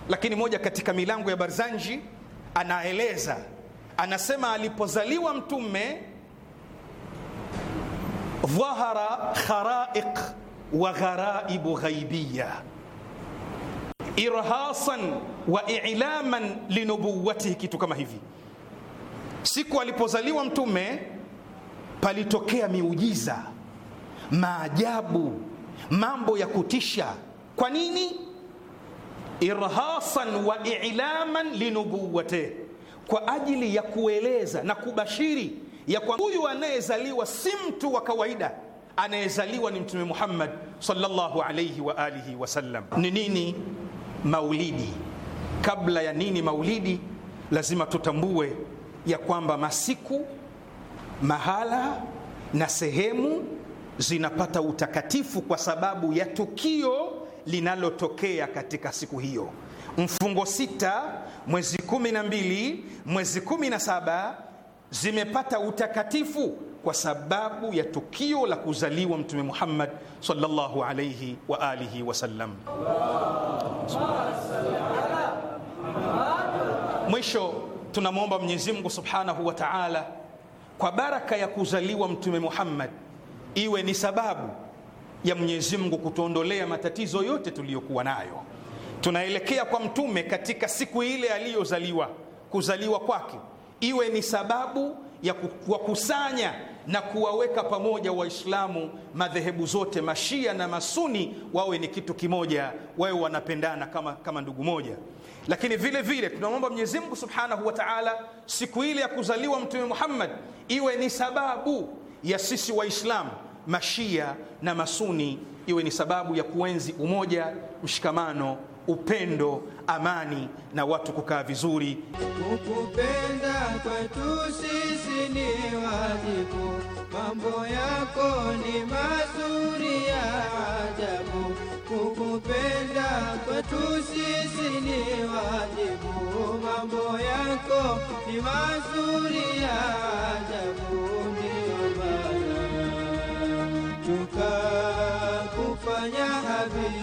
lakini moja katika milango ya Barzanji anaeleza anasema alipozaliwa mtume dhahara kharaiq wa gharaibu ghaibiya irhasan wa ilaman linubuwatihi, kitu kama hivi. Siku alipozaliwa Mtume palitokea miujiza, maajabu, mambo ya kutisha. Kwa nini? irhasan wa ilaman linubuwatihi, kwa ajili ya kueleza na kubashiri ya kwa huyu anayezaliwa si mtu wa kawaida, anayezaliwa ni Mtume Muhammad sallallahu alayhi wa alihi sallam. Ni nini maulidi? Kabla ya nini maulidi, lazima tutambue ya kwamba masiku, mahala na sehemu zinapata utakatifu kwa sababu ya tukio linalotokea katika siku hiyo. Mfungo sita, mwezi kumi na mbili, mwezi kumi na saba zimepata utakatifu kwa sababu ya tukio la kuzaliwa Mtume Muhammad sallallahu alayhi wa alihi wasallam. Mwisho tunamwomba Mwenyezi Mungu subhanahu wa taala kwa baraka ya kuzaliwa Mtume Muhammad iwe ni sababu ya Mwenyezi Mungu kutuondolea matatizo yote tuliyokuwa nayo. Tunaelekea kwa mtume katika siku ile aliyozaliwa, kuzaliwa kwake iwe ni sababu ya kuwakusanya na kuwaweka pamoja Waislamu madhehebu zote, mashia na masuni, wawe ni kitu kimoja, wawe wanapendana kama, kama ndugu moja. Lakini vile vile tunamwomba Mwenyezi Mungu Subhanahu wa Ta'ala, siku ile ya kuzaliwa Mtume Muhammad iwe ni sababu ya sisi Waislamu mashia na masuni, iwe ni sababu ya kuenzi umoja, mshikamano upendo, amani na watu kukaa vizuri. Kukupenda kwetu sisi ni wajibu, mambo yako ni mazuri ya ajabu. Kukupenda kwetu sisi ni wajibu, mambo yako ni mazuri ya ajabu. tukakufanya habibi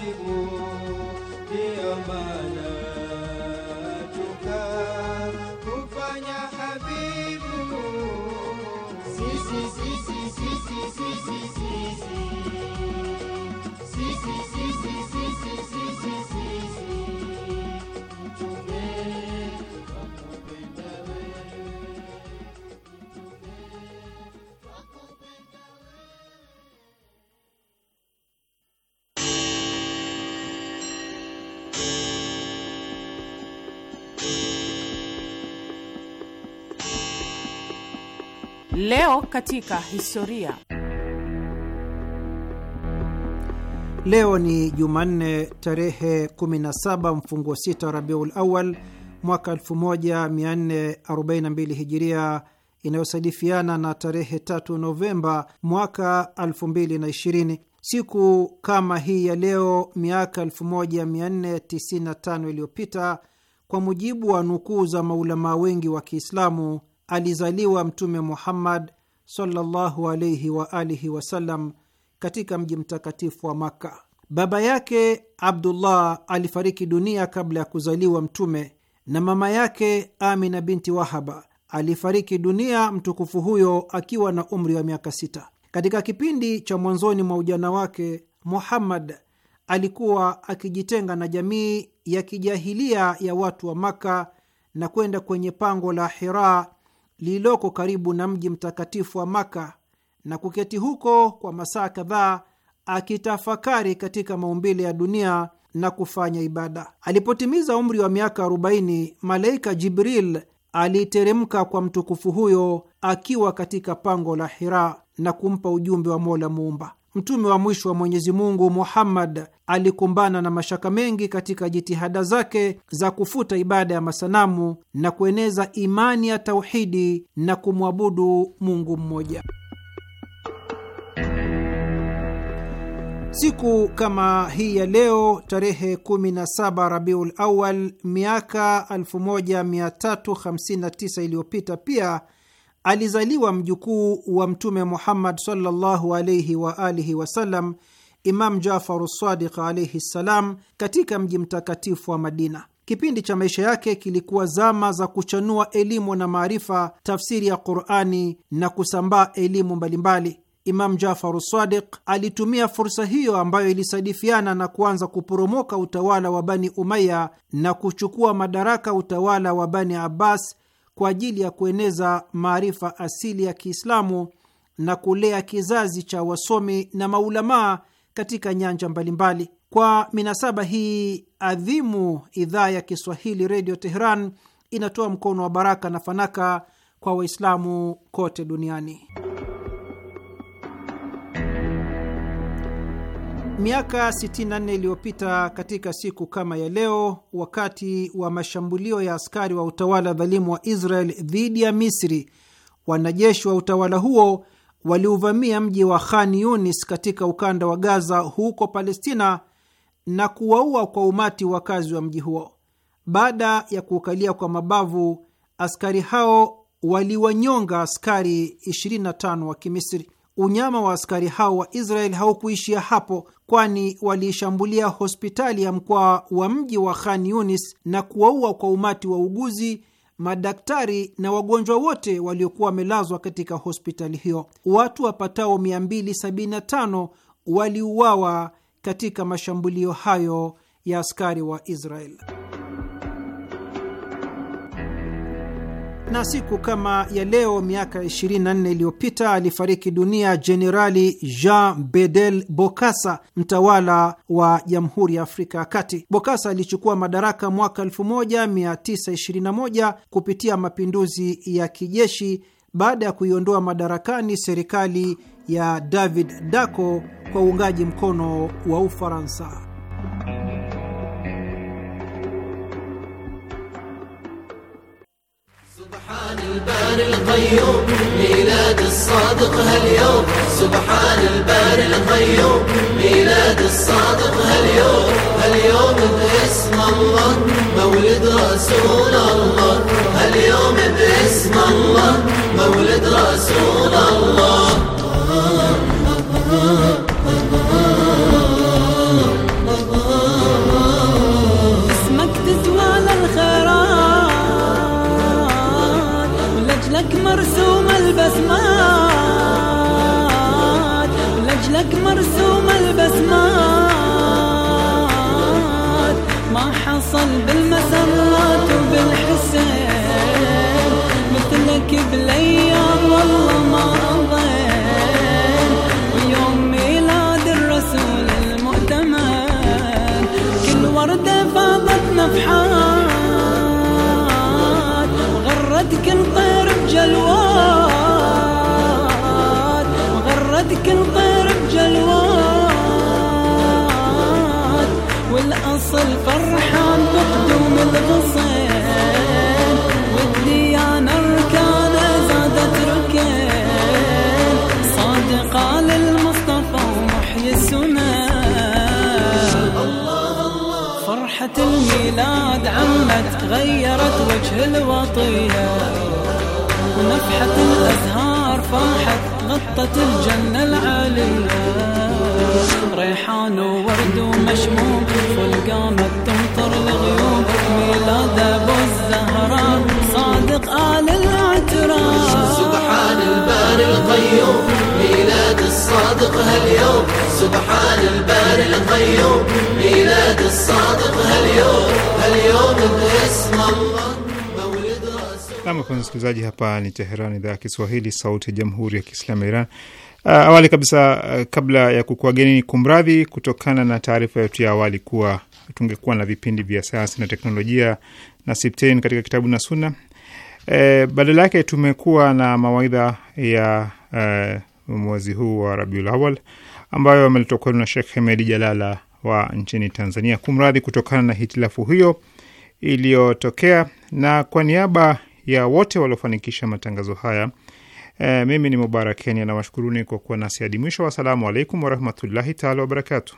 Leo katika historia. Leo ni Jumanne tarehe 17 mfunguo 6 Rabiul Awal mwaka 1442 Hijiria, inayosadifiana na tarehe 3 Novemba mwaka 2020. Siku kama hii ya leo miaka 1495 iliyopita, kwa mujibu wa nukuu za maulamaa wengi wa Kiislamu alizaliwa Mtume Muhammad sallallahu alayhi wa alihi wasallam katika mji mtakatifu wa Makka. Baba yake Abdullah alifariki dunia kabla ya kuzaliwa Mtume, na mama yake Amina binti Wahaba alifariki dunia mtukufu huyo akiwa na umri wa miaka sita. Katika kipindi cha mwanzoni mwa ujana wake, Muhammad alikuwa akijitenga na jamii ya kijahilia ya watu wa Makka na kwenda kwenye pango la hiraa lililoko karibu na mji mtakatifu wa Maka na kuketi huko kwa masaa kadhaa akitafakari katika maumbile ya dunia na kufanya ibada. Alipotimiza umri wa miaka 40, malaika Jibril aliteremka kwa mtukufu huyo akiwa katika pango la Hira na kumpa ujumbe wa Mola Muumba. Mtume wa mwisho wa Mwenyezi Mungu Muhammad alikumbana na mashaka mengi katika jitihada zake za kufuta ibada ya masanamu na kueneza imani ya tauhidi na kumwabudu Mungu mmoja. Siku kama hii ya leo tarehe 17 Rabiul Awal miaka 1359 iliyopita pia alizaliwa mjukuu wa Mtume Muhammad sallallahu alaihi wa alihi wasallam Imam jafar Sadiq alaihi ssalam katika mji mtakatifu wa Madina. Kipindi cha maisha yake kilikuwa zama za kuchanua elimu na maarifa, tafsiri ya Qurani na kusambaa elimu mbalimbali. Imam jafar Sadiq alitumia fursa hiyo ambayo ilisadifiana na kuanza kuporomoka utawala wa Bani Umaya na kuchukua madaraka utawala wa Bani Abbas kwa ajili ya kueneza maarifa asili ya Kiislamu na kulea kizazi cha wasomi na maulamaa katika nyanja mbalimbali. Kwa minasaba hii adhimu, idhaa ya Kiswahili Redio Teheran inatoa mkono wa baraka na fanaka kwa Waislamu kote duniani. Miaka 64 iliyopita katika siku kama ya leo, wakati wa mashambulio ya askari wa utawala dhalimu wa Israel dhidi ya Misri, wanajeshi wa utawala huo waliuvamia mji wa Khan Yunis katika ukanda wa Gaza huko Palestina na kuwaua kwa umati wakazi wa mji huo. Baada ya kuukalia kwa mabavu, askari hao waliwanyonga askari 25 wa Kimisri. Unyama wa askari hao wa Israel haukuishia hapo, kwani waliishambulia hospitali ya mkoa wa mji wa Khan Yunis na kuwaua kwa umati wa uguzi madaktari na wagonjwa wote waliokuwa wamelazwa katika hospitali hiyo. Watu wapatao 275 waliuawa katika mashambulio hayo ya askari wa Israel. na siku kama ya leo miaka 24 iliyopita alifariki dunia Jenerali Jean Bedel Bokassa, mtawala wa Jamhuri ya Afrika ya Kati. Bokassa alichukua madaraka mwaka 1921 kupitia mapinduzi ya kijeshi baada ya kuiondoa madarakani serikali ya David daco kwa uungaji mkono wa Ufaransa. سبحان الباري القيوم ميلاد الصادق هاليوم سبحان الباري القيوم ميلاد الصادق هاليوم هاليوم باسم الله مولد رسول الله هاليوم باسم الله مولد رسول الله مرسوم البسمات لجلك مرسوم البسمات ما حصل بالمسرات وبالحب زادت صادقة للمصطفى فرحة الميلاد عمت غيرت وجه الوطية ونفحة الأزهار فاحت غطت الجنة العالية ريحان وورد ومشموم فل قامت عطر الغيوم ميلاد ابو الزهراء صادق الاعتراف سبحان الباري القيوم ميلاد الصادق هاليوم سبحان الباري القيوم ميلاد الصادق هاليوم هاليوم باسم الله msikilizaji, hapa ni Teheran, idhaa ya Kiswahili, sauti ya jamhuri ya kiislamu ya Iran. Uh, awali kabisa uh, kabla ya kukuageni, kumradhi kutokana na taarifa yetu ya awali kuwa tungekuwa na vipindi vya sayansi na teknolojia na Siptein katika kitabu na Sunna. E, badala yake tumekuwa na mawaidha ya e, mwezi huu wa Rabiul Awal ambayo ameletwa kwenu na Sheikh Hemedi Jalala wa nchini Tanzania. Kumradhi kutokana na hitilafu hiyo iliyotokea, na kwa niaba ya wote waliofanikisha matangazo haya e, mimi ni Mubarak Kenya kwa kuwa nasi hadi mwisho. Wassalamu alaikum warahmatullahi taala wabarakatu.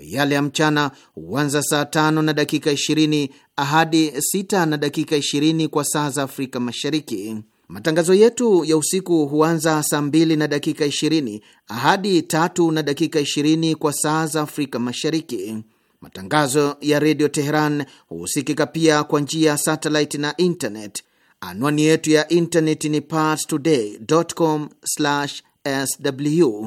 yale ya mchana huanza saa tano na dakika 20 hadi sita na dakika 20 kwa saa za Afrika Mashariki. Matangazo yetu ya usiku huanza saa mbili na dakika 20 hadi tatu na dakika 20 kwa saa za Afrika Mashariki. Matangazo ya redio Teheran husikika pia kwa njia ya satellite na internet. Anwani yetu ya internet ni parstoday.com/sw